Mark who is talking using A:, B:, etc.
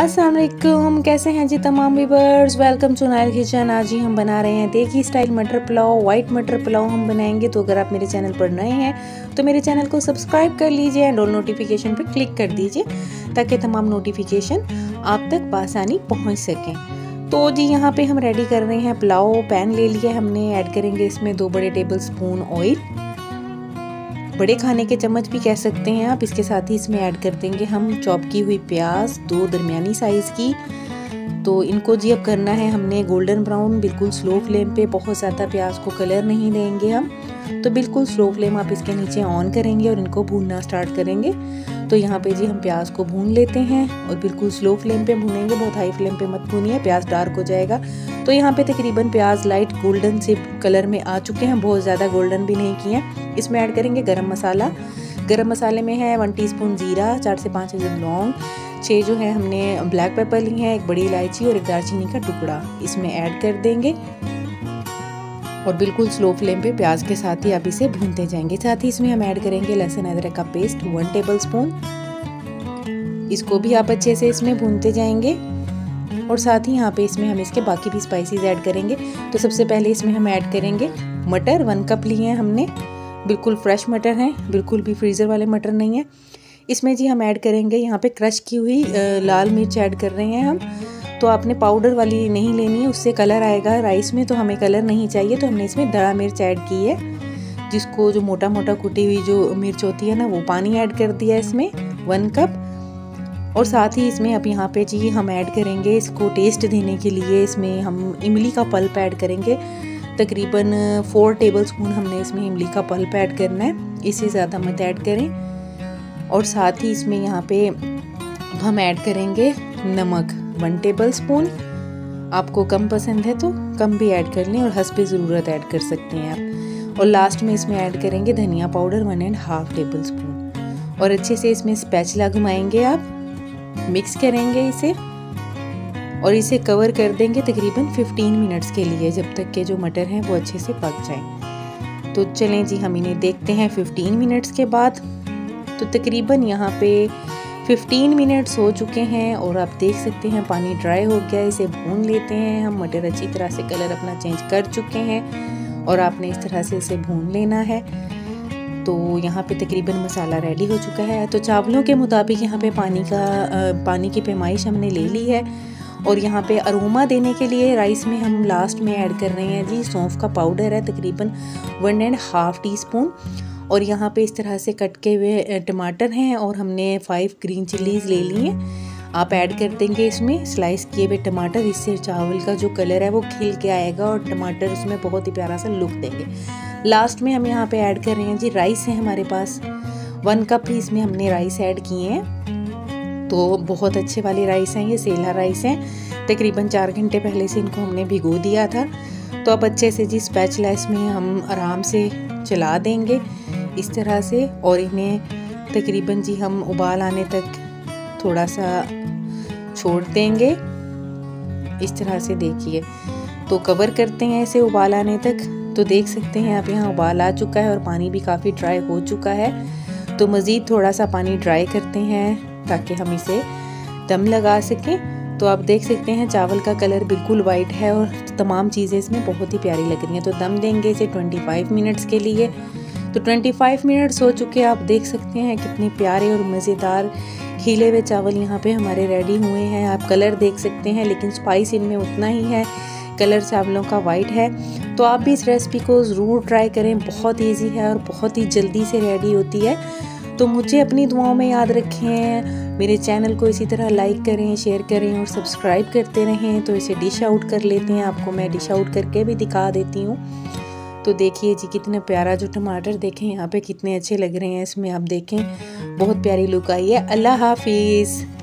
A: असलम कैसे हैं जी तमाम viewers welcome to Nair kitchen आज ही हम बना रहे हैं देखी स्टाइल मटर पुलाव वाइट मटर पुलाव हम बनाएंगे तो अगर आप मेरे चैनल पर नए हैं तो मेरे चैनल को सब्सक्राइब कर लीजिए एंड ऑल नोटिफिकेशन पर क्लिक कर दीजिए ताकि तमाम नोटिफिकेशन आप तक बसानी पहुंच सकें तो जी यहाँ पे हम रेडी कर रहे हैं पुलाव पैन ले लिया हमने ऐड करेंगे इसमें दो बड़े टेबल स्पून ऑयल बड़े खाने के चम्मच भी कह सकते हैं आप इसके साथ ही इसमें ऐड कर देंगे हम चॉप की हुई प्याज दो दरमिया साइज़ की तो इनको जी अब करना है हमने गोल्डन ब्राउन बिल्कुल स्लो फ्लेम पे बहुत ज़्यादा प्याज को कलर नहीं देंगे हम तो बिल्कुल स्लो फ्लेम आप इसके नीचे ऑन करेंगे और इनको भूनना स्टार्ट करेंगे तो यहाँ पे जी हम प्याज को भून लेते हैं और बिल्कुल स्लो फ्लेम पे भूनेंगे बहुत हाई फ्लेम पे मत भूनिए प्याज डार्क हो जाएगा तो यहाँ पे तकरीबन प्याज लाइट गोल्डन से कलर में आ चुके हैं बहुत ज़्यादा गोल्डन भी नहीं किए हैं इसमें ऐड करेंगे गर्म मसाला गरम मसाले में है वन टीस्पून जीरा चार से पाँच लौंग छः जो है हमने ब्लैक पेपर ली है एक बड़ी इलायची और एक दालचीनी का टुकड़ा इसमें ऐड कर देंगे और बिल्कुल स्लो फ्लेम पे प्याज के साथ ही आप इसे भूनते जाएंगे साथ ही इसमें हम ऐड करेंगे लहसुन अदरक का पेस्ट वन टेबल स्पून इसको भी आप अच्छे से इसमें भूनते जाएंगे और साथ ही यहाँ पे इसमें हम इसके बाकी भी स्पाइसेस ऐड करेंगे तो सबसे पहले इसमें हम ऐड करेंगे मटर वन कप लिए हैं हमने बिल्कुल फ्रेश मटर हैं बिल्कुल भी फ्रीज़र वाले मटर नहीं हैं इसमें जी हम ऐड करेंगे यहाँ पे क्रश की हुई लाल मिर्च ऐड कर रहे हैं हम तो आपने पाउडर वाली नहीं लेनी है उससे कलर आएगा राइस में तो हमें कलर नहीं चाहिए तो हमने इसमें दड़ा मिर्च ऐड की है जिसको जो मोटा मोटा कुटी हुई जो मिर्च होती है ना वो पानी ऐड कर दिया इसमें वन कप और साथ ही इसमें अब यहाँ पे जी हम ऐड करेंगे इसको टेस्ट देने के लिए इसमें हम इमली का पल्प ऐड करेंगे तकरीबन फोर टेबल स्पून हमने इसमें इमली का पल्प ऐड करना है इससे ज़्यादा मत ऐड करें और साथ ही इसमें यहाँ पे हम ऐड करेंगे नमक वन टेबल स्पून आपको कम पसंद है तो कम भी ऐड कर लें और हंस पे ज़रूरत ऐड कर सकते हैं आप और लास्ट में इसमें ऐड करेंगे धनिया powder one and half tablespoon और अच्छे से इसमें स्पैचला घुमाएंगे आप मिक्स करेंगे इसे और इसे कवर कर देंगे तकरीबन 15 मिनट्स के लिए जब तक के जो मटर हैं वो अच्छे से पक जाएं तो चलें जी हम इन्हें देखते हैं 15 मिनट्स के बाद तो तकरीबन यहाँ पे 15 मिनट्स हो चुके हैं और आप देख सकते हैं पानी ड्राई हो गया इसे भून लेते हैं हम मटर अच्छी तरह से कलर अपना चेंज कर चुके हैं और आपने इस तरह से इसे भून लेना है तो यहाँ पे तकरीबन मसाला रेडी हो चुका है तो चावलों के मुताबिक यहाँ पे पानी का पानी की पैमाइश हमने ले ली है और यहाँ पे अरोमा देने के लिए राइस में हम लास्ट में ऐड कर रहे हैं जी सौंफ का पाउडर है तकरीबन one and half teaspoon और यहाँ पे इस तरह से कट के हुए टमाटर हैं और हमने फाइव ग्रीन चिलीज़ ले ली हैं आप ऐड कर देंगे इसमें स्लाइस किए हुए टमाटर इससे चावल का जो कलर है वो खिल के आएगा और टमाटर उसमें बहुत ही प्यारा सा लुक देंगे लास्ट में हम यहाँ पे ऐड कर रहे हैं जी राइस है हमारे पास वन कप ही इसमें हमने राइस ऐड किए हैं तो बहुत अच्छे वाली राइस हैं ये सेला राइस हैं तकरीबन चार घंटे पहले से इनको हमने भिगो दिया था तो अब अच्छे से जी स्पैचलाइस में हम आराम से चला देंगे इस तरह से और इन्हें तकरीबन जी हम उबाल आने तक थोड़ा सा छोड़ देंगे इस तरह से देखिए तो कवर करते हैं इसे उबाल आने तक तो देख सकते हैं आप यहाँ उबाल आ चुका है और पानी भी काफ़ी ड्राई हो चुका है तो मज़ीद थोड़ा सा पानी ड्राई करते हैं ताकि हम इसे दम लगा सकें तो आप देख सकते हैं चावल का कलर बिल्कुल वाइट है और तमाम चीज़ें इसमें बहुत ही प्यारी लग रही हैं तो दम देंगे इसे 25 मिनट्स के लिए तो 25 मिनट्स हो चुके आप देख सकते हैं कितने प्यारे और मज़ेदार खीले हुए चावल यहाँ पे हमारे रेडी हुए हैं आप कलर देख सकते हैं लेकिन स्पाइस इनमें उतना ही है कलर चावलों का वाइट है तो आप भी इस रेसिपी को ज़रूर ट्राई करें बहुत ईजी है और बहुत ही जल्दी से रेडी होती है तो मुझे अपनी दुआओं में याद रखें मेरे चैनल को इसी तरह लाइक करें शेयर करें और सब्सक्राइब करते रहें तो इसे डिश आउट कर लेते हैं आपको मैं डिश आउट करके भी दिखा देती हूँ तो देखिए जी कितना प्यारा जो टमाटर देखें यहाँ पे कितने अच्छे लग रहे हैं इसमें आप देखें बहुत प्यारी लुक आई है अल्लाह हाफिज़